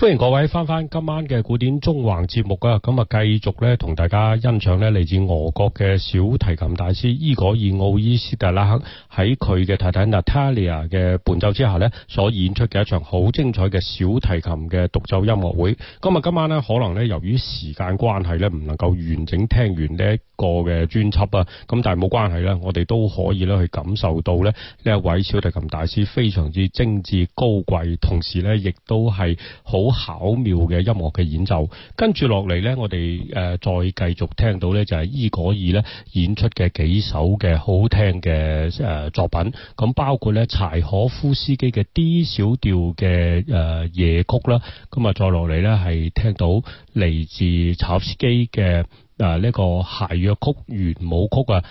歡迎各位翻翻今晚嘅古典中環節目啊。咁啊繼續咧同大家欣賞咧嚟自俄國嘅小提琴大師伊戈爾奧伊斯特拉赫喺佢嘅太太娜塔莉亞嘅伴奏之下咧所演出嘅一場好精彩嘅小提琴嘅獨奏音樂會。咁啊，今晚咧可能咧由於時間關係咧唔能夠完整聽完呢。個嘅專輯啊，咁但係冇關係啦，我哋都可以咧去感受到咧呢一位小提琴大師非常之精致高貴，同時咧亦都係好巧妙嘅音樂嘅演奏。跟住落嚟咧，我哋誒再繼續聽到咧就係伊戈爾咧演出嘅幾首嘅好聽嘅誒作品，咁包括咧柴可夫斯基嘅 D 小調嘅誒夜曲啦，咁啊再落嚟咧係聽到嚟自柴可夫斯基嘅。啊！呢、這個諧謔曲、圓舞曲啊，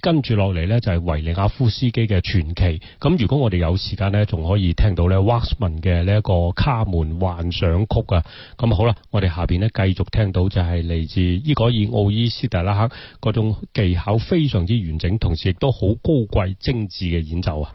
跟住落嚟呢就係維尼亞夫斯基嘅傳奇。咁如果我哋有時間呢，仲可以聽到呢 Waxman 嘅呢一個卡門幻想曲啊。咁好啦，我哋下邊呢繼續聽到就係嚟自伊戈爾奧伊斯特拉克嗰種技巧非常之完整，同時亦都好高貴精緻嘅演奏啊。